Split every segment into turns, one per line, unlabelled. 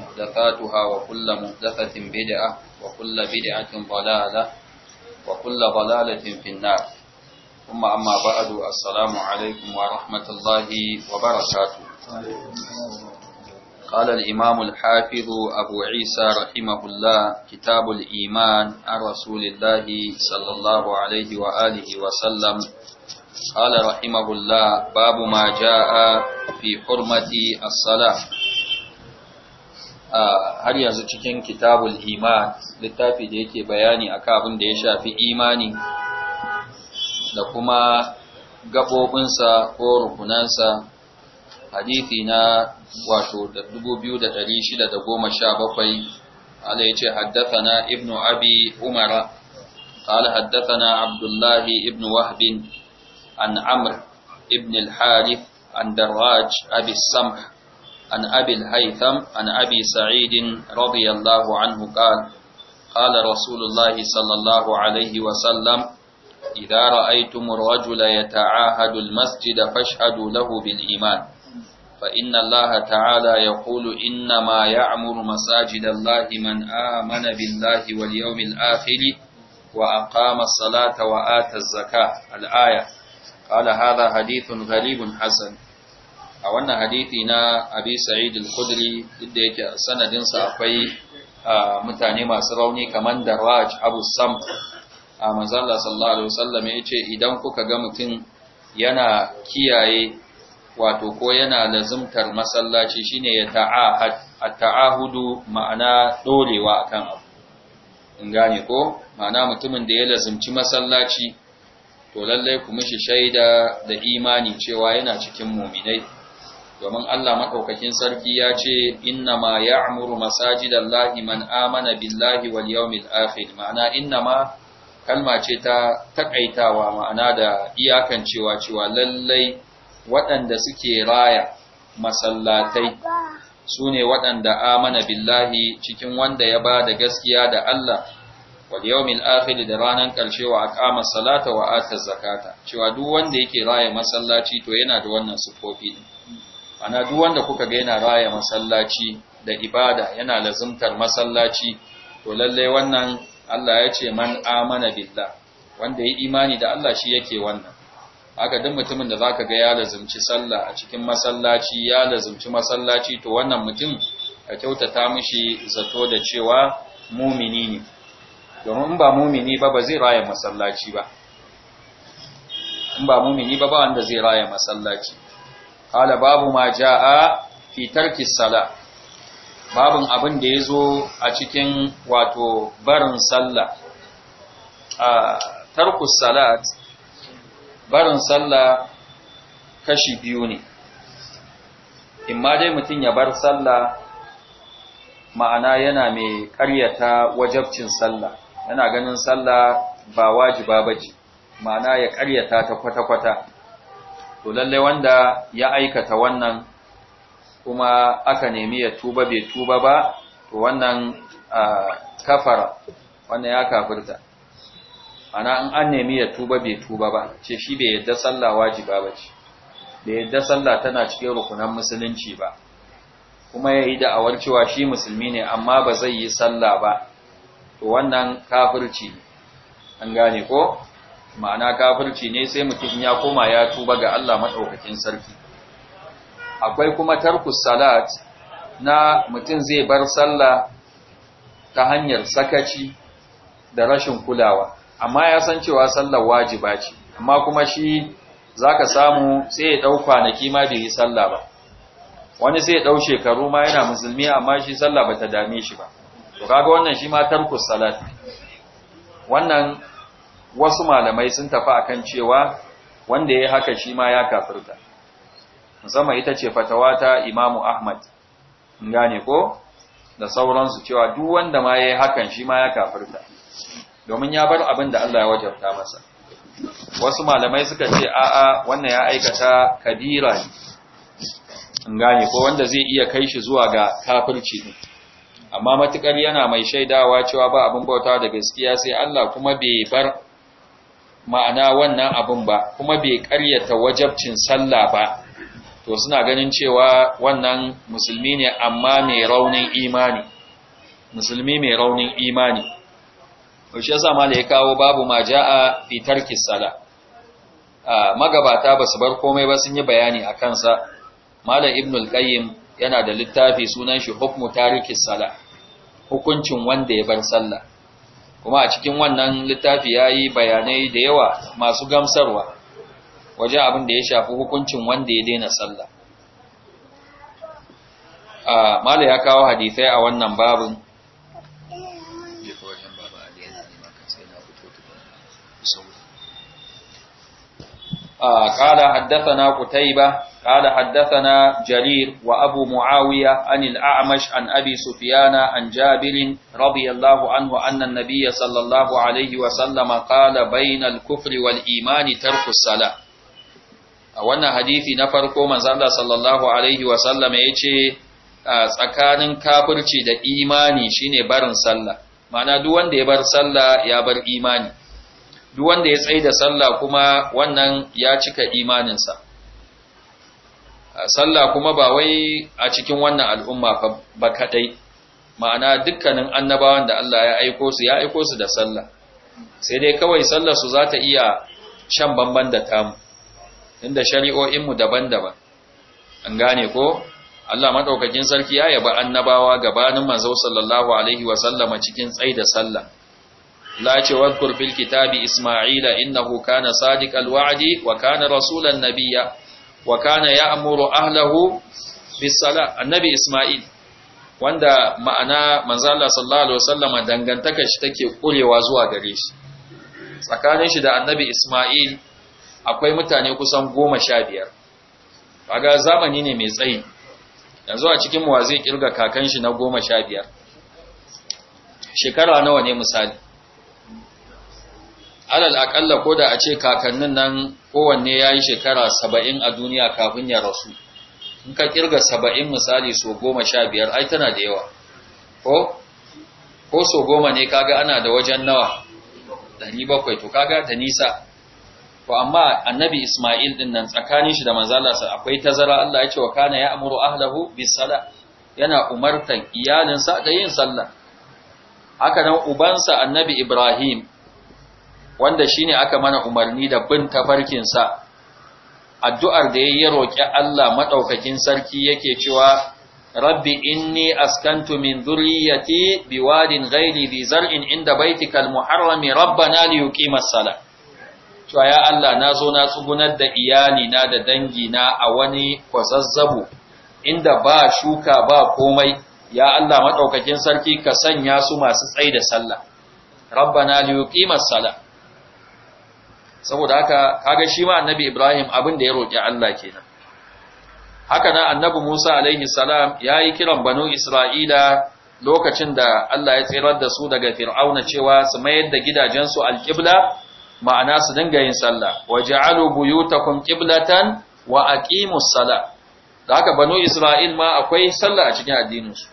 محدثاتها وكل محدثة بدعة وكل بدعة ضلالة وكل ضلالة في النار ثم أما بعد السلام عليكم ورحمة الله وبركاته قال الإمام الحافظ أبو عيسى رحمه الله كتاب الإيمان عن رسول الله صلى الله عليه وآله وسلم قال رحمه الله باب ما جاء في حرمة الصلاة har yanzu cikin kitabul iman littafi da yake bayani akan abin da ya shafi imani da kuma gabobinsa ko rukunansa hadithi na wato 2617 ya ce haddathana ibnu abi umara قال حدثنا abdullahi الله ابن an amr عمرو ابن الحارث an دراج أبي السمح عن أبي الهيثم عن أبي سعيد رضي الله عنه قال قال رسول الله صلى الله عليه وسلم إذا رأيتم الرجل يتعاهد المسجد فاشهدوا له بالإيمان فإن الله تعالى يقول إنما يعمر مساجد الله من آمن بالله واليوم الآخر وأقام الصلاة وآتى الزكاة الآية قال هذا حديث غريب حسن a wannan hadithi na abi sa'id al-khudri duk yake sanadin sa akwai mutane masu rauni kaman daraj abu sam a manzon Allah sallallahu alaihi wasallam yace idan kuka ga mutum yana kiyaye wato ko yana lazumtar masallaci shine ya ta'ahad at-ta'ahudu ma'ana dorewa akan abu in gane ko ma'ana mutumin da ya lazumci masallaci to lallai ku mishi shaida da imani cewa yana cikin muminai domin Allah maɗaukakin sarki ya ce inna ma ya'muru masajidallahi man amana billahi wal yawmil akhir ma'ana inna ma kalma ce ta takaitawa ma'ana da iyakancewa cewa lallai waɗanda suke raya masallatai sune waɗanda amana billahi cikin wanda ya ba da gaskiya da Allah wal yawmil akhir da ranar ƙarshe wa aqama salata wa ata zakata cewa duk wanda yake raya masallaci to yana da wannan sufofi din ana duk wanda kuka ga yana raya masallaci da ibada yana lazumtar masallaci to lalle wannan Allah ya ce man amana billah wanda ya imani da Allah shi yake wannan haka duk mutumin da zaka ga ya lazimci sallah a cikin masallaci ya lazimci masallaci to wannan mutum a kyautata mishi zato da cewa mumini ne domin ba mumini ba ba zai raya masallaci ba in ba mumini ba ba wanda zai raya masallaci Kala babu ma jaa fi tarki sala babun abin da ya zo a cikin wato barin salla a tarku salat barin sallah kashi biyu ne imma dai mutum ya bar sallah ma'ana yana mai ƙaryata wajabcin sallah yana ganin sallah ba wajiba bace ma'ana ya ƙaryata ta kwata-kwata to lalle wanda ya aikata wannan kuma aka nemi ya tuba bai tuba ba to wannan kafara wannan ya kafirta ana in an nemi ya tuba bai tuba ba ce shi bai yadda sallah wajiba ba ce bai yadda sallah tana cikin rukunan musulunci ba kuma ya yi da'awar cewa shi musulmi ne amma ba zai yi sallah ba to wannan kafirci an gane ko ma'ana kafirci ne sai mutum ya koma ya tuba ga Allah madaukakin sarki akwai kuma tarkus salat na mutum zai bar sallah ta hanyar sakaci da rashin kulawa amma ya san cewa sallar wajiba ce amma kuma shi zaka samu sai ya dau kwanaki ma bai yi sallah ba wani sai ya dau shekaru ma yana musulmi amma shi sallah bata dame shi ba to kaga wannan shi ma tarkus salat wannan wasu malamai sun tafi a kan cewa wanda ya haka shi ma ya kafirta musamman ita ce fatawa ta imamu ahmad gane ko da sauransu cewa duk wanda ma ya yi hakan shi ma ya kafirta domin ya bar abin da Allah ya wajabta masa wasu malamai suka ce a'a wannan ya aikata kabira ne gane ko wanda zai iya kai shi zuwa ga kafirci ne amma matukar yana mai shaidawa cewa ba abin bauta da gaskiya sai Allah kuma bai bar ma'ana wannan abin ba kuma bai karyata wajabcin sallah ba to suna ganin cewa wannan musulmi ne amma mai raunin imani musulmi mai raunin imani yaushe yasa da ya kawo babu ma ja'a fi tarki sala magabata ba su bar komai ba sun yi bayani a kansa malam al qayyim yana da littafi sunan shi hukmu tarikis sala hukuncin wanda ya bar sallah kuma a cikin wannan littafi ya yi bayanai da yawa masu gamsarwa wajen abin da ya shafi hukuncin wanda ya daina sallah ah, mala ya kawo hadisai a wannan babin قال حدثنا قتيبة قال حدثنا جرير وأبو معاوية عن الأعمش عن أبي سفيان عن جابر رضي الله عنه أن النبي صلى الله عليه وسلم قال بين الكفر والإيمان ترك الصلاة wannan hadisi na farko manzo Allah sallallahu alaihi wa sallam yace tsakanin kafirci da imani shine barin sallah ma'ana duk wanda ya bar sallah ya bar imani duk wanda ya tsaye da sallah kuma wannan ya cika imaninsa sallah kuma ba wai a cikin wannan al'umma ba kadai ma'ana dukkanin annabawan da Allah ya aiko su ya aiko su da sallah sai dai kawai sallar su za ta iya shan bamban da tamu inda shari'o'inmu daban-daban an gane ko Allah madaukakin sarki ya yaba annabawa gabanin manzo sallallahu alaihi wa sallama cikin tsaida sallah la ce wadkur fil kitabi isma'ila innahu kana sadiqal wa'di wa kana rasulan nabiyya wa kana ya'muru ahlahu bis annabi isma'il wanda ma'ana manzo Allah sallallahu alaihi wasallama dangantakar shi take kurewa zuwa gare shi tsakanin shi da annabi isma'il akwai mutane kusan goma sha biyar kaga zamani ne mai tsayi yanzu a cikin mu zai kirga kakan shi na goma sha biyar shekara nawa ne misali alal akalla ko da a ce kakannin nan kowanne ya yi shekara saba'in a duniya kafin ya rasu in ka kirga saba'in misali so goma sha biyar ai tana da yawa ko ko so goma ne kaga ana da wajen nawa Dari bakwai to kaga da nisa to amma annabi isma'il din nan tsakanin shi da manzala sa akwai tazara Allah ya ce wa kana ya amuru ahlahu bis sala yana umartan iyalinsa da yin sallah haka nan ubansa annabi ibrahim wanda shine aka mana umarni da bin tafarkinsa addu'ar da ya roƙi Allah maɗaukakin sarki yake cewa rabbi inni askantu min zurriyyati biwadin ghairi bi zar'in inda baitikal muharrami rabbana liyuqimas sala cewa ya Allah na zo na tsugunar da iyali na da dangi na a wani kwazazzabo inda ba shuka ba komai ya Allah maɗaukakin sarki ka sanya su masu tsaida sallah rabbana liyuqimas sala saboda haka kaga shi ma annabi Ibrahim abinda ya roki Allah kenan haka nan annabi Musa alaihi salam yayi kiran banu Isra'ila lokacin da Allah ya tsirar da su daga Fir'auna cewa su mayar da gidajensu al-qibla ma'ana su dinga yin sallah waja'alu buyutakum qiblatan wa aqimus salah da haka banu Isra'il ma akwai sallah a cikin addininsu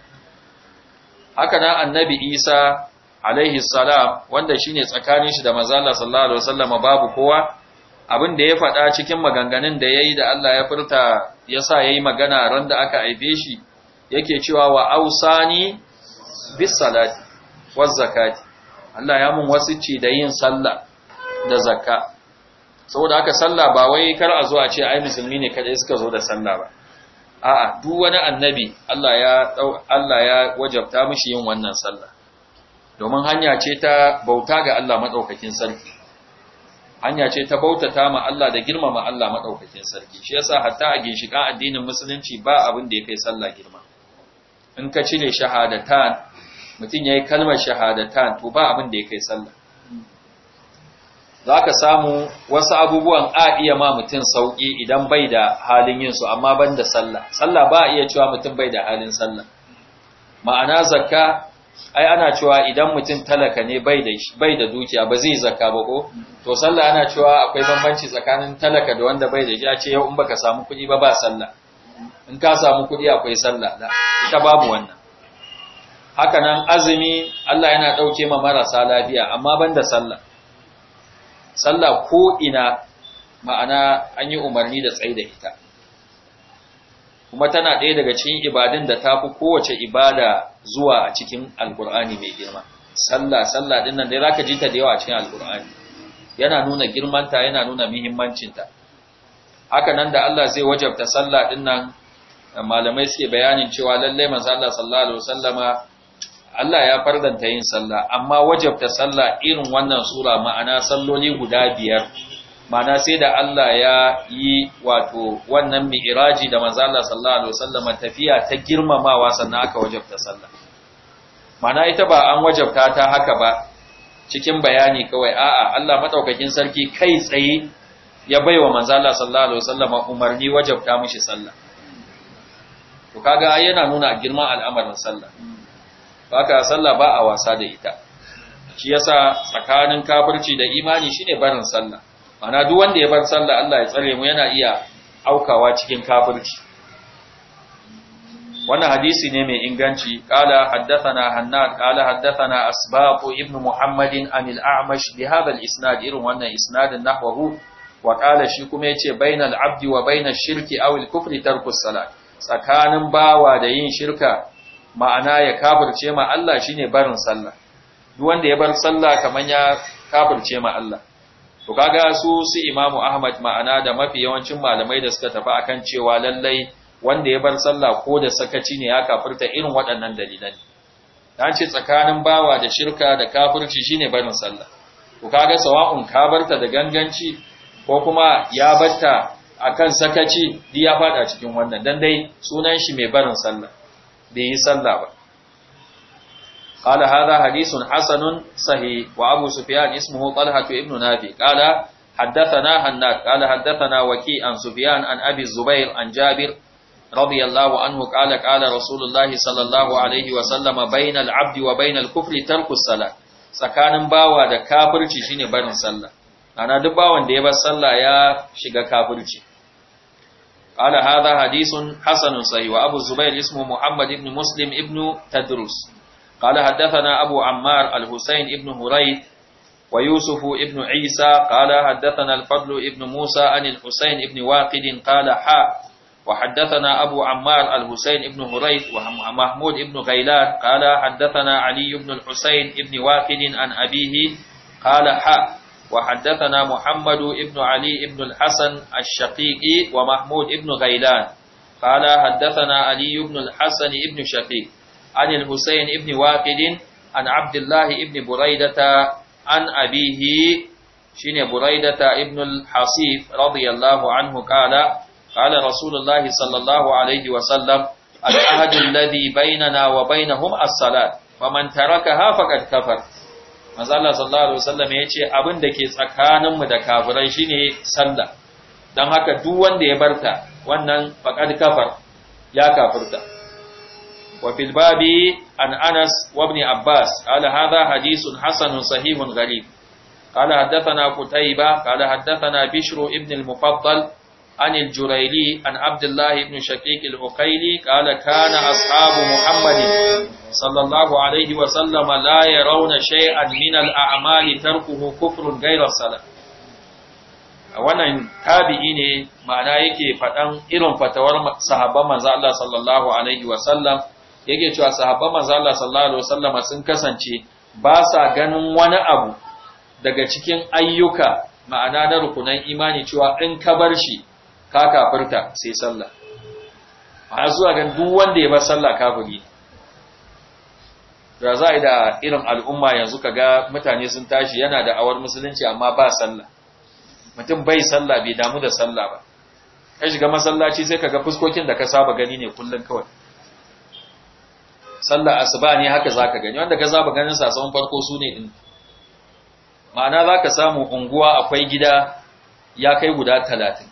haka nan annabi Isa alaihi salam wanda shine tsakanin shi da manzo Allah sallallahu alaihi wasallam babu kowa abin da ya faɗa cikin maganganun da yayi da Allah ya furta yasa yayi magana ran da aka aife shi yake cewa wa ausani bis salati waz zakati Allah ya mun wasici da yin sallah da zakka saboda haka sallah ba wai kar a zo a ce ai musulmi ne kada suka zo da sallah ba a'a duk wani annabi Allah ya Allah ya wajabta mishi yin wannan sallah domin hanya ce ta bauta ga Allah maɗaukakin sarki hanya ce ta bautata ma Allah da girmama Allah maɗaukakin sarki shi yasa hatta a ginshiƙan addinin musulunci ba abin da ya kai sallah girma in ka cire shahadatan mutum ya yi kalmar shahadatan to ba abin da ya kai sallah za ka samu wasu abubuwan a iya ma mutum sauƙi idan bai da halin yinsu amma ban da sallah sallah ba a iya cewa mutum bai da halin sallah ma'ana zakka ai ana cewa idan mutum talaka ne bai da dukiya ba zai zakka ba ko to sallah ana cewa akwai bambanci tsakanin talaka da wanda bai da shi a ce yau in baka samu kuɗi ba ba sallah in ka samu kuɗi akwai sallah da ita babu wannan haka nan azumi Allah yana ɗauke ma marasa lafiya amma banda sallah sallah ko ina ma'ana an yi umarni da da ita kuma tana ɗaya daga cikin ibadun da ta fi kowace ibada zuwa a cikin alkur'ani mai girma sallah sallah din nan dai ka ji ta da yawa a cikin alkur'ani yana nuna girmanta yana nuna muhimmancinta haka nan da Allah zai wajabta sallah din nan malamai suke bayanin cewa lallai manzo Allah sallallahu alaihi wasallama Allah ya fardanta yin sallah amma wajabta sallah irin wannan sura ma'ana salloli guda biyar Ma'ana sai da Allah ya yi wato wannan mi'iraji da manzo Allah sallallahu alaihi wasallam tafiya ta girmamawa sannan aka wajabta sallah mana ita ba an wajabta ta haka ba cikin bayani kawai a'a Allah madaukakin sarki kai tsaye ya baiwa manzo Allah sallallahu alaihi wasallam umarni wajabta mishi sallah to kaga yana nuna girman al'amarin sallah ka sallah ba a wasa da ita shi yasa tsakanin kafirci da imani shine barin sallah mana duk wanda ya bar sallah Allah ya tsare mu yana iya aukawa cikin kafirci wannan hadisi ne mai inganci qala haddathana hannad qala haddathana asbaq ibn muhammadin an al-a'mash bi hadha al-isnad irin wannan isnadin nahwahu wa qala shi kuma yace bainal abdi wa bainash shirki aw al-kufri tarku salat tsakanin bawa da yin shirka ma'ana ya kafirce ma Allah shine barin sallah duk wanda ya bar sallah kaman ya kafirce ma Allah to kaga su su imamu ahmad ma'ana da mafi yawancin malamai da suka tafi akan cewa lallai wanda ya bar sallah ko da sakaci ne ya kafirta irin waɗannan dalilan dan ce tsakanin bawa da shirka da kafirci shine barin sallah to kaga sawa'un ka barta da ganganci ko kuma ya barta akan sakaci di ya fada cikin wannan dan dai sunan shi mai barin sallah bai yi sallah ba قال هذا حديث حسن صحيح وابو سفيان اسمه طلحه ابن نافع قال حدثنا هناد قال حدثنا وكيع عن سفيان عن ابي الزبير عن جابر رضي الله عنه قال قال رسول الله صلى الله عليه وسلم بين العبد وبين الكفر ترك الصلاه tsakanin bawa da kafirci shine barin sallah ana duk bawan da ya bar sallah ya shiga kafirci قال هذا حديث حسن صحيح وابو الزبير اسمه محمد بن مسلم ابن تدرس قال حدثنا أبو عمار الحسين ابن هريث ويوسف ابن عيسى قال حدثنا الفضل ابن موسى عن الحسين ابن واقد قال حا وحدثنا أبو عمار الحسين ابن هريث ومحمود ابن غيلان قال حدثنا علي بن الحسين ابن واقد عن أبيه قال حا وحدثنا محمد ابن علي ابن الحسن الشقيقي ومحمود ابن غيلان قال حدثنا علي بن الحسن ابن شقيق عن الحسين ابن واقد عن عبد الله ابن بريدة عن أبيه شين بريدة ابن الحصيف رضي الله عنه قال قال رسول الله صلى الله عليه وسلم العهد الذي بيننا وبينهم الصلاة ومن تركها فقد كفر manzo Allah sallallahu alaihi wasallam yace abin da ke tsakaninmu da kafirai shine sallah dan haka duk wanda ya barta wannan faqad kafar ya kafirta وفي الباب عن أنس وابن عباس قال هذا حديث حسن صحيح غريب قال حدثنا قتيبة قال حدثنا بشر ابن المفضل عن الجريلي عن عبد الله بن شقيق العقيلي قال كان أصحاب محمد صلى الله عليه وسلم لا يرون شيئا من الأعمال تركه كفر غير الصلاة wannan tabi'i ne ma'ana yake faɗan irin fatawar sahabban manzo Allah sallallahu alaihi wa sallam yake cewa sahabban manzo Allah sallallahu alaihi wasallama sun kasance ba sa ganin wani abu daga cikin ayyuka ma'ana na rukunan imani cewa in ka bar shi ka kafirta sai sallah a zuwa ga duk wanda ya bar sallah kafiri da za a da irin al'umma yanzu ka ga mutane sun tashi yana da awar musulunci amma ba sallah mutum bai sallah bai damu da sallah ba ka shiga masallaci sai kaga fuskokin da ka saba gani ne kullum kawai sallar asuba ne haka zaka gani wanda ka saba ganin sasawan farko su din ma'ana zaka samu unguwa akwai gida ya kai guda 30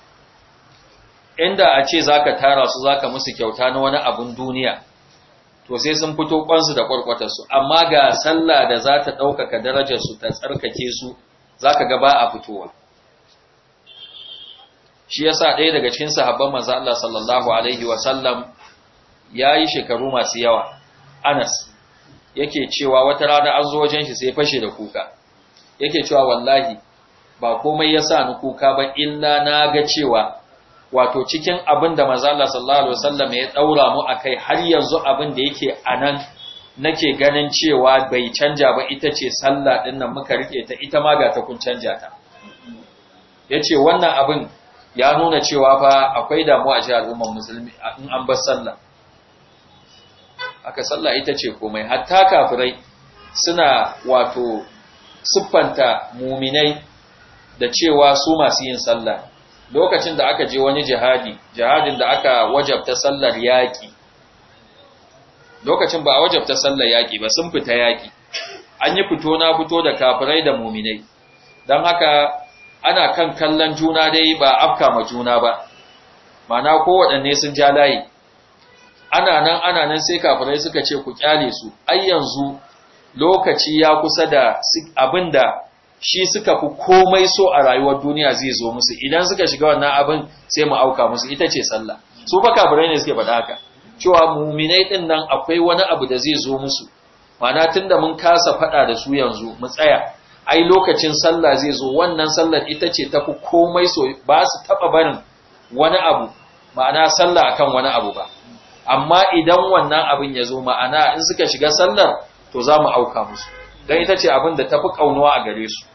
inda a ce zaka tara su zaka musu kyauta na wani abun duniya to sai sun fito kwansu da su, amma ga sallah da za ta ɗaukaka su ta tsarkake su za ka ga ba a fitowa shi yasa ɗaya daga cikin sahabban manzo Allah sallallahu alaihi wa sallam ya shekaru masu yawa Anas yake cewa wata rana an zo wajen shi sai fashe da kuka yake cewa wallahi ba komai ya sa ni kuka ba illa na ga cewa wato cikin abin da Allah sallallahu alaihi wasallam ya daura mu akai har yanzu abin da yake anan nake ganin cewa bai canja ba ita ce sallah din nan muka rike ta ita ma ga ta kun canja ta yace wannan abin ya nuna cewa fa akwai damuwa a cikin al'ummar musulmi in an bar sallah aka sallah ita ce komai hatta kafirai suna wato siffanta muminai da cewa su masu yin sallah lokacin da aka je wani jihadi jihadin da aka wajabta sallar yaƙi lokacin ba a wajabta sallar yaƙi ba sun fita yaƙi an yi fito na fito da kafirai da muminai don haka ana kan kallon juna dai ba afka ma juna ba mana kowaɗanne sun ja layi ana nan ana nan sai kafirai suka ce ku kyale su ai yanzu lokaci ya kusa da abinda shi suka fi komai so a rayuwar duniya zai zo musu idan suka shiga wannan abin sai mu auka musu ita ce sallah su fa kafirai ne suke faɗa haka cewa muminai din nan akwai wani abu da zai zo musu ma'ana tunda mun kasa faɗa da su yanzu mu tsaya ai lokacin sallah zai zo wannan sallar ita ce ta fi komai so ba su taɓa barin wani abu ma'ana sallah akan wani abu ba amma idan wannan abin ya zo ma'ana in suka shiga sallar to za mu auka musu don ita ce abin da tafi kaunuwa a gare su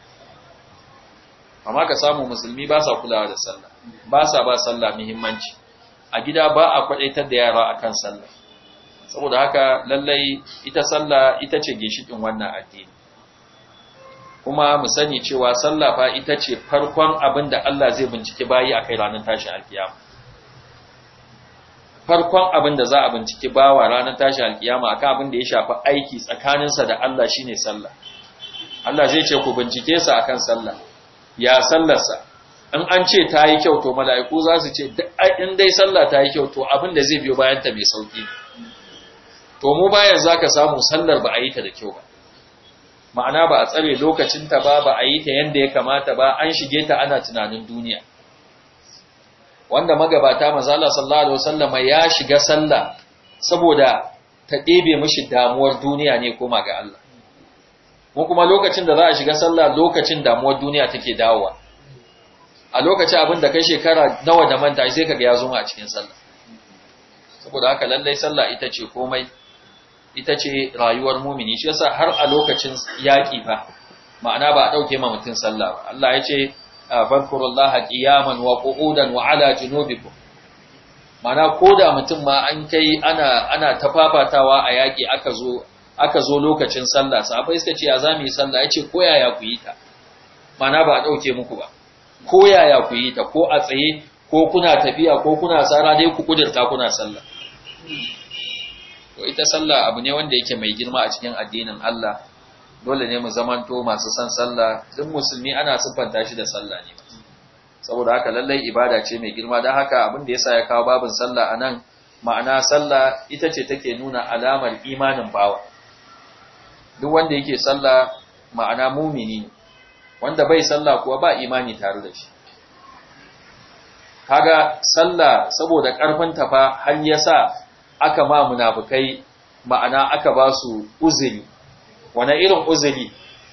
amma ka samu musulmi ba sa kulawa da sallah ba sa ba sallah muhimmanci a gida ba a kwadaitar da yara akan sallah saboda haka lallai ita sallah ita ce ginshikin wannan addini kuma mu sani cewa sallah fa ita ce farkon abin da Allah zai bincike bayi akai ranar tashin alkiyama farkon abin da za a binciki bawa ranar tashi alkiyama akan abin da ya shafi aiki tsakaninsa da Allah shine sallah Allah zai ce ku bincike sa akan sallah ya sallarsa in an ce ta yi kyau to mala'iku za su ce in dai sallah ta yi kyau to abin da zai biyo bayan ta mai sauki to mu bayan za ka samu sallar ba a yi ta da kyau ba ma'ana ba a tsare lokacin ta ba ba a yi ta yadda ya kamata ba an shige ta ana tunanin duniya wanda magabata mazala sallallahu alaihi wasallam ya shiga sallah saboda ta ɗebe mishi damuwar duniya ne koma ga Allah mu kuma lokacin da za a shiga sallah lokacin damuwar duniya take dawowa a lokacin abin da kai shekara nawa da manta sai kaga ya zo a cikin sallah saboda haka lallai sallah ita ce komai ita ce rayuwar mumini shi yasa har a lokacin yaƙi ba, ma'ana ba a ɗauke ma mutum sallah ba Allah ya ce fadkurullaha qiyaman wa qu'udan wa ala junubikum mana koda mutum ma an kai ana ana tafafatawa a yaki aka zo aka zo lokacin sallah fa iska ce ya zamu yi sallah yace ko yaya ku yi ta mana ba a dauke muku ba ko yaya ku yi ta ko a tsaye ko kuna tafiya ko kuna sara dai ku kudirta kuna sallah to ita sallah abu ne wanda yake mai girma a cikin addinin Allah dole ne mu zamanto masu san sallah duk musulmi ana siffanta shi da sallah ne saboda haka lallai ibada ce mai girma don haka abin da yasa ya kawo babin sallah anan ma'ana sallah ita ce take nuna alamar imanin bawa duk wanda yake sallah ma'ana mumini wanda bai sallah kuwa ba imani tare da shi kaga sallah saboda karfin tafa har yasa aka ma munafikai ma'ana aka ba su uzuri Wane irin uzuri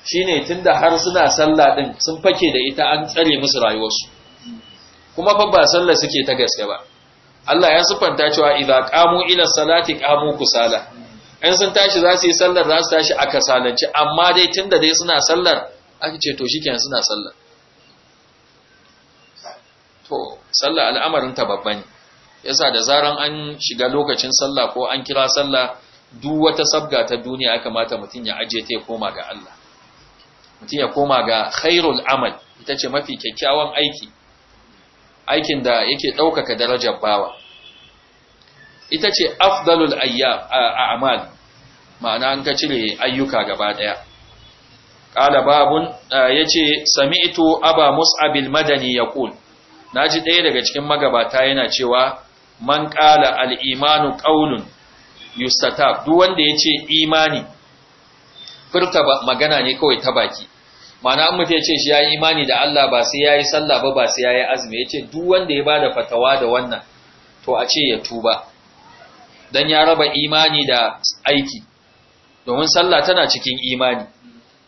shine tunda har suna sallah din sun fake da ita an tsare musu rayuwarsu kuma fa ba sallah suke ta gaske ba Allah ya sifanta cewa idza qamu ila salati qamu kusala in sun tashi za su yi sallar za su tashi a kasalanci amma dai da dai suna sallar aka ce to shikenan suna sallar to sallah al'amarin ta babba ne yasa da zaran an shiga lokacin sallah ko an kira sallah duk wata sabga ta duniya ya kamata mutum ya aje ta ya koma ga Allah mutum ya koma ga khairul amal ita ce mafi kyakkyawan aiki aikin da yake ɗaukaka darajar bawa ita ce afdalul a'mal ma'ana an ka cire ayyuka gaba ɗaya ƙala babun ya ce sami'tu aba mus'abil madani ya ƙul na ji ɗaya daga cikin magabata yana cewa man ƙala al'imanu ƙaunun yustatab duk wanda ya ce imani furta magana ne kawai ta baki mana an mutu ya ce shi ya yi imani da Allah ba sai ya yi sallah ba ba sai ya yi azumi ya ce duk wanda ya ba da fatawa da wannan to a ce ya tuba don ya raba imani da aiki domin sallah tana cikin imani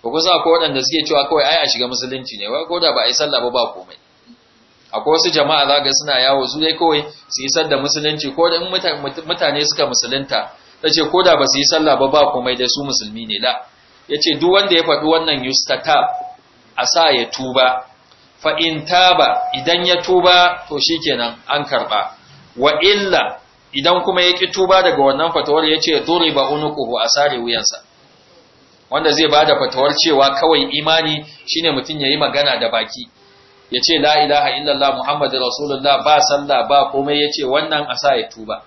ba kusa ko waɗanda suke cewa kawai ai a shiga musulunci ne ba ko da ba a yi sallah ba ba komai akwai wasu jama'a za ga suna yawo su dai kawai su yi sallar musulunci ko da mutane suka musulunta ta ko da ba su yi sallah ba ba komai dai su musulmi ne la ya ce duk wanda ya faɗi wannan yustatab a sa ya tuba fa in taba idan ya tuba to shikenan an karɓa wa illa idan kuma ya ƙi tuba daga wannan fatawar ya ce ba unuquhu a sare wuyansa wanda zai bada fatawar cewa kawai imani shine mutum ya yi magana da baki ya ce la ilaha illallah muhammadu rasulullah ba sallah ba komai ya ce wannan a sa ya tuba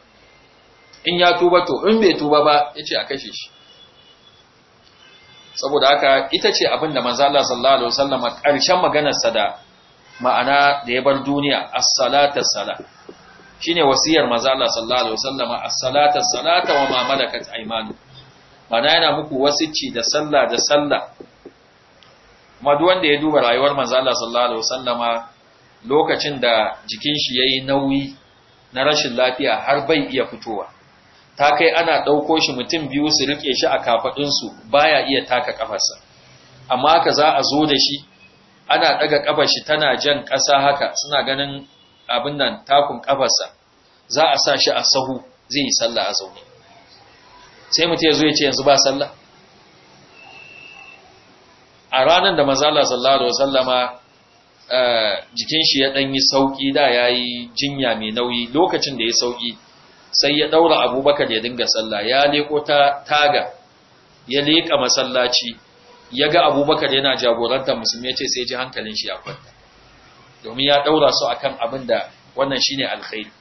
in ya tuba to in bai tuba ba ya ce a kashe shi saboda haka ita ce abin da manzala sallallahu alaihi wasallam ƙarshen maganarsa da ma'ana da ya bar duniya as-salata sala shine wasiyar manzala sallallahu alaihi wasallam as-salata salata wa ma malakat aymanu ma'ana yana muku wasicci da sallah da sallah kuma duk wanda ya duba rayuwar manzo Allah sallallahu alaihi wasallama lokacin da jikin shi yayi nauyi na rashin lafiya har bai iya fitowa ta kai ana dauko shi mutum biyu su rike shi a kafadun su baya iya taka kafarsa amma ka za a zo da shi ana daga kafar shi tana jan kasa haka suna ganin abin nan takun kafarsa za a sa shi a sahu zai yi sallah a zaune sai mutum ya zo ya ce yanzu ba sallah a ranar da mazala sallallahu wa sallama eh, jikin shi ya dan yi sauki da ya yi jinya mai nauyi lokacin da ya sauki sai ya daura abubakar ya dinga sallah ya leko ta taga ya leka masallaci ya ga abubakar yana jagorantar musulmi ya ce sai ji hankalin shi ya kwanta domin ya daura su akan abin da wannan shine alkhairi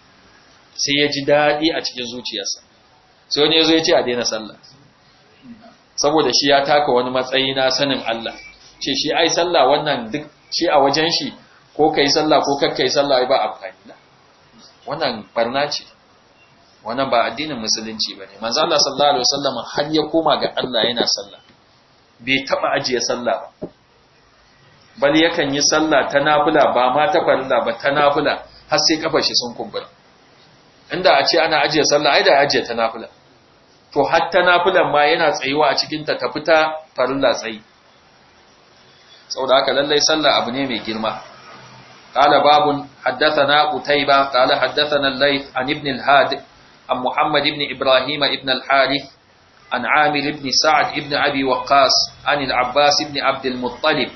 sai ya ji daɗi a cikin zuciyarsa sai wani ya zo ya ce a daina sallah saboda shi ya taka wani matsayi na sanin Allah ce shi ai sallah wannan duk shi a wajen shi ko kai sallah ko kakka yi sallah ba amfani da wannan barna ce wannan ba addinin musulunci bane manzo Allah sallallahu alaihi wasallam har ya koma ga Allah yana sallah bai taba ajiye sallah ba bal yakan yi sallah ta nafila ba ma ta farilla ba ta nafila har sai kafar shi sun kumbura inda a ce ana ajiye sallah ai da ajiye ta nafila to hattana nafilan ma yana tsayuwa a cikinta ta fita farilla sau da aka lallai sallah abu ne mai girma ƙala babun haddathana utaiba Kala haddathana lai an ibn al-had an muhammad ibn ibrahim ibn al an amir ibn sa'ad ibn abi waqqas an abbas ibn abd al-muttalib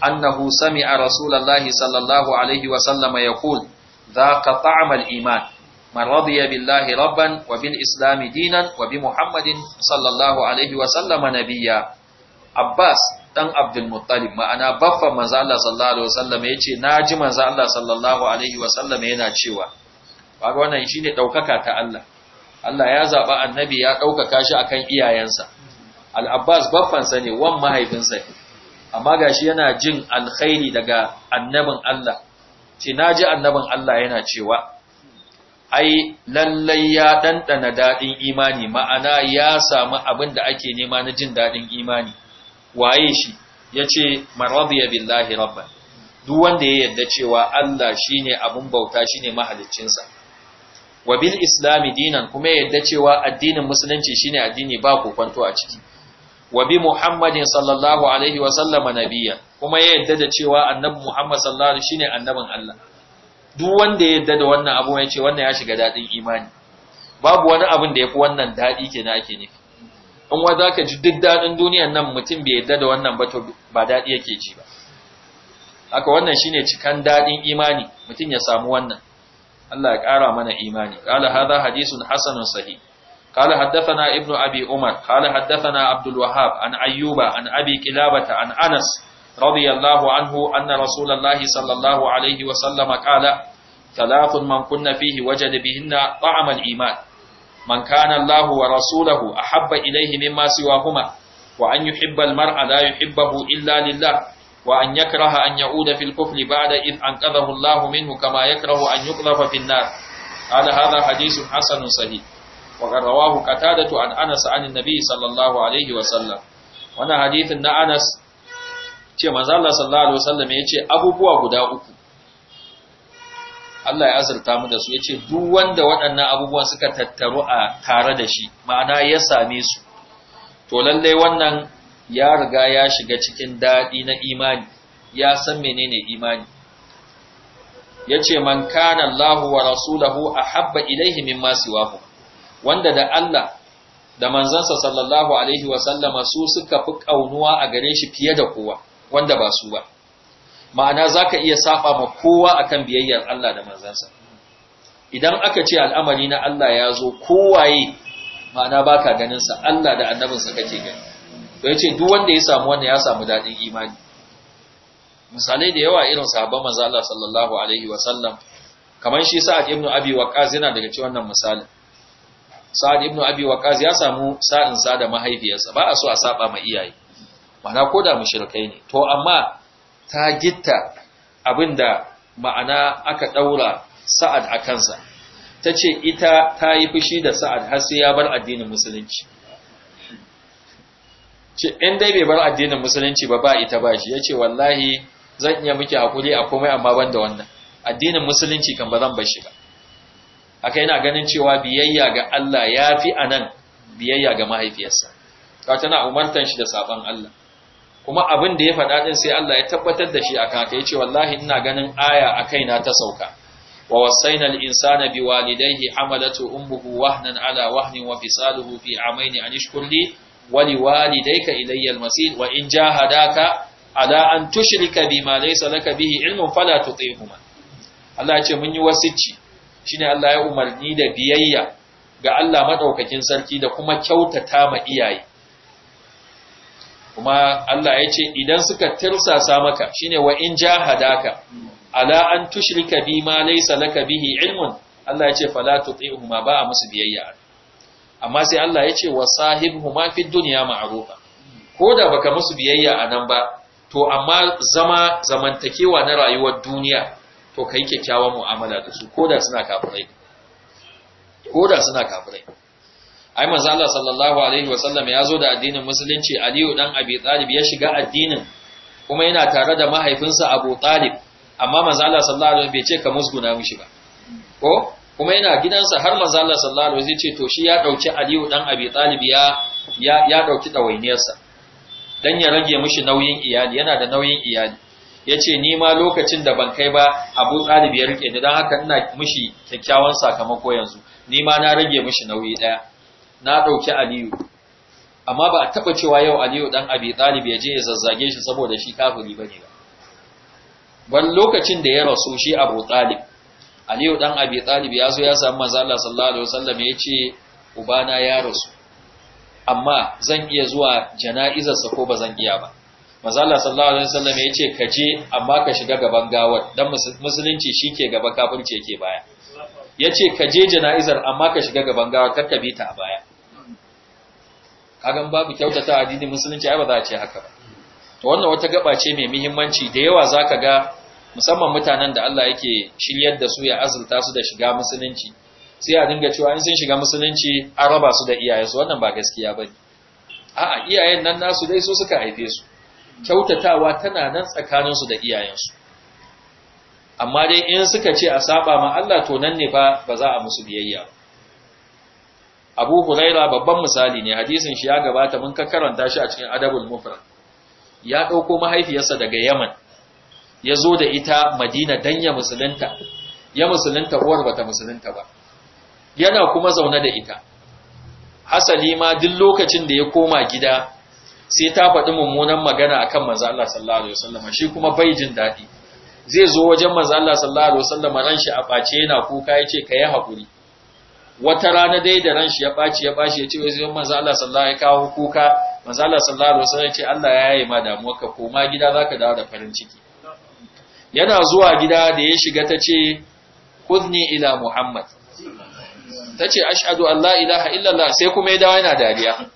annahu sami'a rasulallahi sallallahu alaihi wa sallama yaqul ذاق طعم الإيمان man radiya billahi rabban wa islami dinan wa bi muhammadin sallallahu alaihi wa sallama nabiyya abbas ɗan abdul muttalib ma'ana baffan manzo Allah sallallahu wa sallama yace naji manzo Allah sallallahu alaihi wa sallama yana cewa kaga wannan shine ɗaukaka ta Allah Allah ya zaba annabi ya daukaka shi akan iyayensa al-abbas baffan sa ne wan mahaifinsa ne amma gashi yana jin alkhairi daga annabin Allah ce naji annabin Allah yana cewa ai lallai ya ɗanɗana daɗin imani ma'ana ya samu abin da ake nema na jin daɗin imani waye shi ya ce marabiya billahi rabban duk wanda ya yadda cewa Allah shi ne abin bauta shi ne mahaliccinsa wa bil islami dinan kuma ya yadda cewa addinin musulunci shi ne addini ba kokwanto a ciki wa bi muhammadin sallallahu alaihi wa sallama nabiyya kuma ya yadda da cewa annabi muhammad sallallahu alaihi shine annabin Allah duk wanda ya yadda da wannan abu ya ce wannan ya shiga daɗin imani babu wani abin da ya fi wannan daɗi ke na ake nufi in wa za ka ji duk daɗin duniyan nan mutum bai yadda da wannan ba to ba daɗi yake ji ba haka wannan shine cikan daɗin imani mutum ya samu wannan Allah ya ƙara mana imani qala hadha hadithun hasanun sahih قال na Ibnu Abi Umar, قال حدثنا abdul الوهاب an Ayyuba, an abi كلابة an Anas, رضي الله عنه أن رسول الله صلى الله عليه وسلم قال thalathun man kunna fihi wajada bihinna ta'ama al-iman man kana Allahu wa rasuluhu ahabba ilayhi mimma siwahuma wa an yuhibba mara la yuhibbuhu illa lillah wa an yakraha an ya'uda fil kufri ba'da id anqadhahu Allahu minhu kama yakrahu an finna. fin nar ala hadha hadithun hasanun sahih وقد رواه قتادة عن أنس عن النبي صلى الله عليه وسلم وانا حديث أنس ce manzo Allah sallallahu alaihi wasallam yace abubuwa guda uku Allah ya azurta mu da su yace duk wanda waɗannan abubuwan suka tattaru a tare da shi ma'ana ya same su to lallai wannan ya riga ya shiga cikin daɗi na imani ya san menene imani yace man kana Allahu wa rasuluhu ahabba ilaihi mimma siwahu wanda da Allah da manzansa sallallahu alaihi wa sallama su suka fi kaunuwa a gare shi fiye da kowa wanda ba su ba ma'ana za ka iya saba ma kowa akan biyayyar Allah da manzansa idan aka ce al'amari na Allah ya zo kowaye ma'ana ba ka ganinsa Allah da annabinsa kake gani Ba ya ce duk wanda ya samu wannan ya samu daɗin imani misalai da yawa irin sahabban manzo Allah sallallahu alaihi wa kamar shi Sa'ad ibn Abi Waqqas yana daga cikin wannan misali. Sa'ad ibn Abi Waqqas ya samu sa'in sa da mahaifiyarsa ba a so a saba ma iyaye mana koda mushrikai ne to amma ta gitta abinda ma'ana aka daura sa'ad a kansa ta ce ita ta yi fushi da sa'ad har sai ya bar addinin musulunci ce in dai bai bar addinin musulunci ba ba ita ba shi ya ce wallahi zan iya muke hakuri a komai amma ban da wannan addinin musulunci kan ba zan bar shi ba aka yana ganin cewa biyayya ga Allah ya fi a nan biyayya ga mahaifiyarsa ta tana umartan shi da sabon Allah kuma abin da ya faɗa sai Allah ya tabbatar da shi akan ya yace wallahi ina ganin aya a kaina ta sauka wa wasaina al-insana biwalidayhi hamalatu ummuhu wahnan ala wahnin wa fisaluhu fi amayn an ishkur li wa liwalidayka ilayya al-masir wa in jahadaka ala an tushrika bima laysa laka bihi ilmun fala tuṭihuma Allah ya ce mun yi wasicci shine Allah ya umarni da biyayya ga Allah madaukakin sarki da kuma kyautata ma iyaye kuma Allah ya ce idan suka tirsasa maka shine wa in jahadaka ala an tushrika bi ma laysa laka bihi ilmun Allah ya ce fala tuti'huma ba a musu biyayya amma sai Allah ya ce wa sahibhuma fid dunya ma'rufa koda baka musu biyayya anan ba to amma zama zamantakewa na rayuwar duniya to kai kyakkyawan mu'amala da su koda suna kafirai koda suna kafirai ai manzo Allah sallallahu alaihi wasallam ya zo da addinin musulunci Aliyu dan Abi Talib ya shiga addinin kuma yana tare da mahaifinsa Abu Talib amma manzo Allah sallallahu alaihi wasallam bai ce ka musguna mishi ba ko kuma yana gidansa har manzo Allah sallallahu alaihi wasallam ce to shi ya dauki Aliyu dan Abi Talib ya ya, ya dauki dawainiyarsa dan ya rage mishi nauyin iyali yana da nauyin iyali yace ni ma lokacin da ban kai ba Abu Talib ya rike ni dan haka ina mishi kyakkyawan sakamako yanzu ni ma na rage mishi nauyi daya na ɗauki aliyu amma ba a taɓa cewa yau aliyu ɗan abi ɗalib ya je ya zazzage shi saboda shi kafiri ba ne ba ban lokacin da ya rasu shi abu ɗalib aliyu ɗan abi ɗalib ya zo ya samu manzo Allah sallallahu alaihi wasallam ya ce ubana ya rasu amma zan iya zuwa jana'izarsa ko ba zan iya ba manzo Allah sallallahu alaihi wasallam ya ce ka je amma ka shiga gaban gawar dan musulunci shike gaba kafirci yake baya yace ka je jana'izar amma ka shiga gaban gawar kar ta a baya kagan babu kyautata addinin musulunci ai ba za a ce haka ba to wannan wata gaba ce mai muhimmanci da yawa zaka ga musamman mutanen da Allah yake shiryar da su ya azurta su da shiga musulunci sai a dinga cewa in sun shiga musulunci an raba su da iyayensu wannan ba gaskiya bane a'a iyayen nan nasu dai su suka haife su kyautatawa tana nan tsakaninsu da iyayensu amma dai in suka ce a saba ma Allah to nan ne fa ba za a musu biyayya ba abu huraira babban misali ne hadisin shi ya gabata mun karanta shi a cikin adabul mufrad ya ɗauko mahaifiyarsa daga yaman ya zo da ita madina dan ya musulunta ya musulunta uwar bata musulunta ba yana kuma zaune da ita hasali ma duk lokacin da ya koma gida sai ta faɗi mummunan magana akan manzo Allah sallallahu alaihi wasallam shi kuma bai jin daɗi zai zo wajen manzo Allah sallallahu alaihi wasallam ran shi a bace yana kuka yace kai hakuri wata rana dai da ran shi ya ɓaci ya ɓaci ya ce wai zai manzo Allah sallallahu alaihi kawo kuka manzo Allah sallallahu alaihi wasallam ya ce Allah ya yaye ma ka koma gida zaka dawo da farin ciki yana zuwa gida da ya shiga ta ce Kudni ila Muhammad ta ce ashhadu an la ilaha allah sai kuma ya dawo yana dariya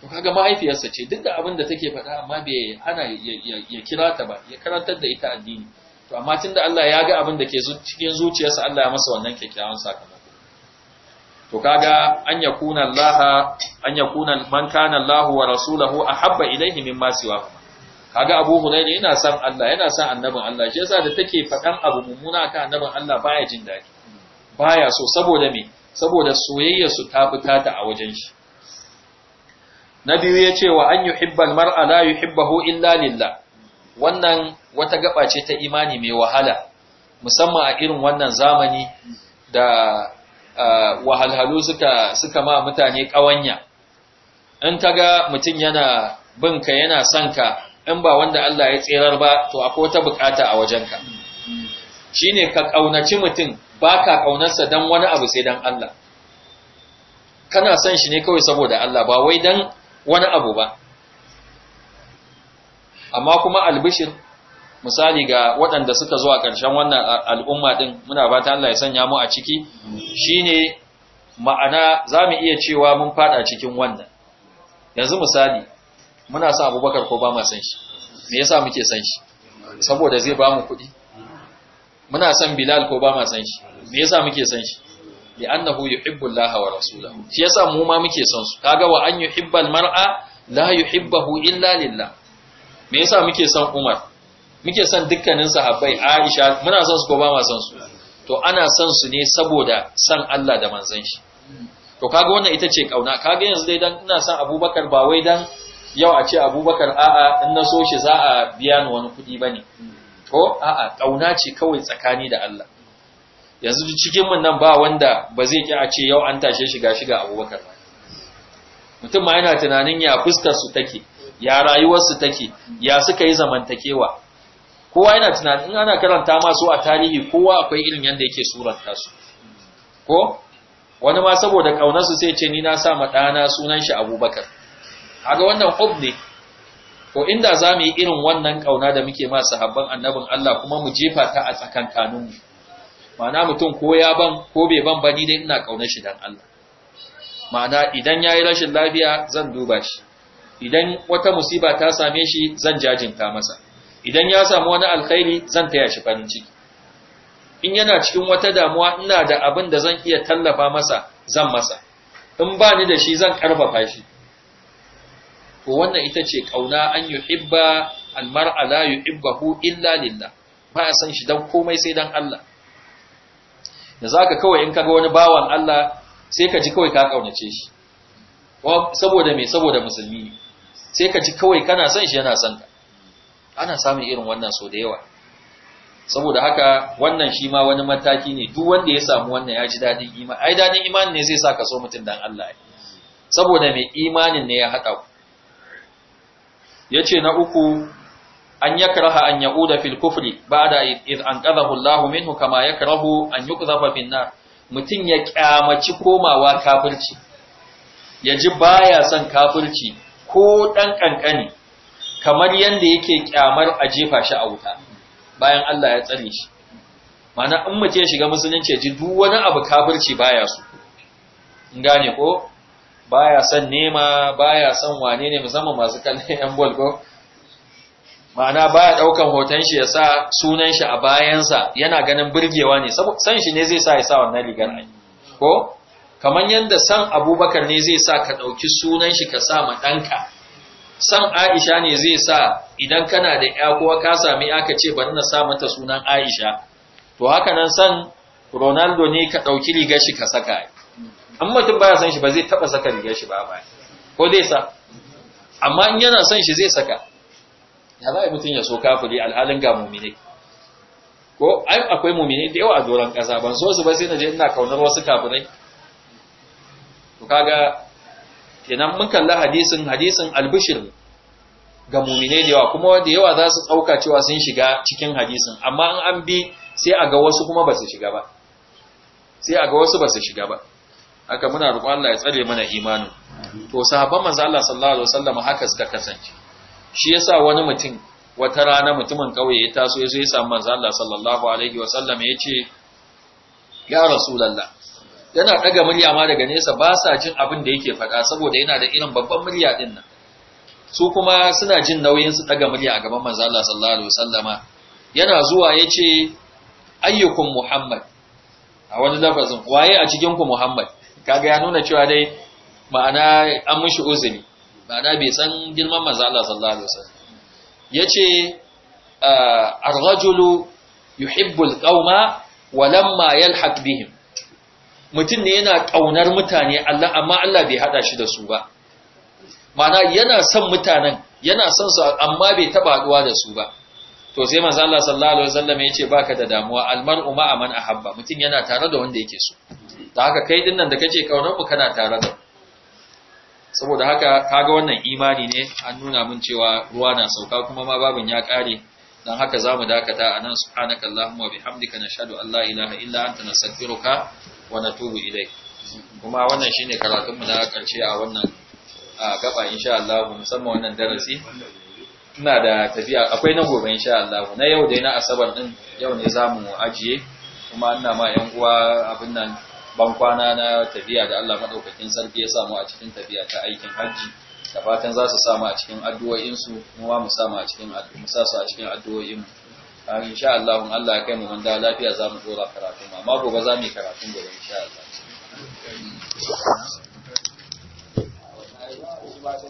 to kaga mahaifiyarsa ce duk da abin da take faɗa amma bai ana ya kira ta ba ya karantar da ita addini to amma tunda Allah ya ga abin da ke cikin zuciyarsa Allah ya masa wannan kyakkyawan sakamako to kaga an yakuna Allah an yakuna man kana Allah wa rasuluhu ahabba ilayhi mimma siwa kaga Abu Hurairah yana san Allah yana san annabin Allah shi yasa da take fadan abu mummuna kan annabin Allah baya jin daɗi, baya so saboda me saboda soyayya su ta fita ta a wajen shi na biyu ce wa an yuhibbal mar'a la yuhibbahu illa lillah wannan wata gaba ce ta imani mai wahala musamman a irin wannan zamani da wahalhalu suka suka ma mutane ƙawanya in ta ga mutum yana binka yana sanka in ba wanda Allah ya tserar ba to akwai wata bukata a wajenka shine ka kaunaci mutum ba ka kaunarsa dan wani abu sai dan Allah kana son shi ne kawai saboda Allah ba wai dan wani abu ba amma kuma albishir misali ga waɗanda suka zuwa ƙarshen wannan al'umma ɗin muna ba ta Allah ya sanya mu a ciki shi ne ma'ana za mu iya cewa mun faɗa cikin wannan yanzu misali muna son abubakar ko ba ma san shi me yasa muke san shi saboda zai ba mu kuɗi muna son bilal ko ba ma san shi me yasa muke san shi li annahu yuhibbu wa rasulahu shi yasa mu ma muke son su kaga wa an yuhibbal mar'a la yuhibbuhu illa lillah me yasa muke son umar muke son dukkanin sahabbai Aisha muna son su ko ba ma son su to ana son su ne saboda san Allah da manzon shi to kaga wannan ita ce kauna kaga yanzu dai dan ina son Abubakar ba wai dan yau a ce Abubakar a'a in na so shi za a biya ni wani kuɗi bane ko a'a kauna ce kawai tsakani da Allah yanzu cikin mun nan ba wanda ba zai ki a ce yau an tashe shiga ga shiga Abubakar mutum ma yana tunanin ya fuskar su take ya rayuwar su take ya suka yi zamantakewa kowa yana tunanin in ana karanta masu a tarihi kowa akwai irin yadda yake suranta su ko wani ma saboda kaunarsu sai ce ni na sa ma ɗana sunan shi abubakar haga wannan hub ne ko inda za mu yi irin wannan kauna da muke ma sahabban annabin Allah kuma mu jefa ta a tsakankaninmu ma'ana mutum ko ya ban ko bai ban bani dai ina ƙaunar shi dan Allah ma'ana idan ya yi rashin lafiya zan duba shi idan wata musiba ta same shi zan jajinta masa idan ya samu wani alkhairi zan taya shi farin ciki in yana cikin wata damuwa ina da abin da zan iya tallafa masa zan masa in ba ni da shi zan karfafa shi to wannan ita ce kauna an yuhibba almar'a la yuhibbahu illa lillah ba a san shi dan komai sai dan Allah da zaka kawai in kaga wani bawan Allah sai ka ji kawai ka kaunace shi saboda me saboda musulmi sai ka ji kawai kana son shi yana son ka ana samun irin wannan so da yawa saboda haka wannan shi ma wani mataki ne duk wanda ya samu wannan ya ji dadin imani ai dadin imani ne zai sa ka so mutum dan Allah saboda mai imanin ne ya hada ku yace na uku an yakraha an yauda fil kufri ba'da an qadahu Allahu minhu kama yakrahu an yuqdhafa fin nar mutum ya kyamaci komawa kafirci ya ji baya son kafirci ko dan kankani kamar yadda yake kyamar a jefa shi a wuta bayan Allah ya tsare shi mana in mutum ya shiga musulunci ji duk wani abu kafirci baya su in gane ko baya son nema baya son wane ne musamman masu kallon yan bol ko ma'ana baya daukan hoton shi ya sa sunan shi a bayansa yana ganin burgewa ne san shi ne zai sa ya sa wannan rigar ai ko kamar yadda san abubakar ne zai sa ka ɗauki sunan shi ka sa ma ɗanka. san Aisha ne zai sa idan kana da ya kuwa ka sami aka ce bari na sa mata sunan Aisha to haka nan san Ronaldo ne ka ɗauki rigar shi ka saka an mutum baya san shi ba zai taɓa saka rigar shi ba ba ko zai sa amma in yana san shi zai saka ya ba mutum ya so kafiri alhalin ga mumine ko ai akwai mumine da yawa a doron ƙasa ban so su ba sai na je ina kaunar wasu kafirai to kaga kenan mun kalla hadisin hadisin albishir ga mumine da yawa kuma da yawa za su tsauka cewa sun shiga cikin hadisin amma an an bi sai a ga wasu kuma ba su shiga ba sai a ga wasu ba su shiga ba haka muna roƙon Allah ya tsare mana imanin to sahabban manzo Allah sallallahu alaihi wasallam haka suka kasance shi yasa wani mutum wata rana mutumin kauye ya taso ya zo ya samu manzo Allah sallallahu alaihi wasallam ya ce ya rasulullah yana ɗaga murya ma daga nesa ba sa jin abin da yake faɗa saboda yana da irin babban murya din nan su kuma suna jin nauyin su daga murya a gaban manzo Allah sallallahu alaihi wasallama yana zuwa yace ayyukum muhammad a wani lafazin waye a cikin ku muhammad kaga ya nuna cewa dai ma'ana an mishi uzuri ma'ana bai san girman manzo Allah sallallahu alaihi wasallam yace ah, ar-rajulu al qauma walamma yalhaq bihim mutum ne yana ƙaunar mutane Allah amma Allah bai haɗa shi da su ba mana yana son mutanen yana son su amma bai taɓa haɗuwa da su ba to sai manzo Allah sallallahu alaihi wasallam ya ce baka da damuwa almar'u ma'a man ahabba mutum yana tare da wanda yake so da haka kai dinnan da kace kaunar mu kana tare da saboda haka kaga wannan imani ne an nuna min cewa ruwa na sauka kuma ma babin ya ƙare. dan haka zamu dakata anan subhanaka allahumma wa bihamdika nashhadu an la ilaha illa anta nastaghfiruka wa natubu ilayk kuma wannan shine karatun mu na karshe a wannan gaba insha Allah musamman wannan darasi ina da tafiya akwai na gobe insha Allah na yau dai na asabar din yau ne zamu ajiye kuma ina ma yan uwa abin nan ban kwana na tafiya da Allah madaukakin sarki ya samu a cikin tafiya ta aikin hajji da fatan za su samu a cikin addu'o'insu kuma mu samu a cikin mu sa su a cikin addu'o'inmu a insha Allah in Allah ya kai mu mun lafiya za mu dora karatu amma gobe za mu yi karatu gobe insha Allah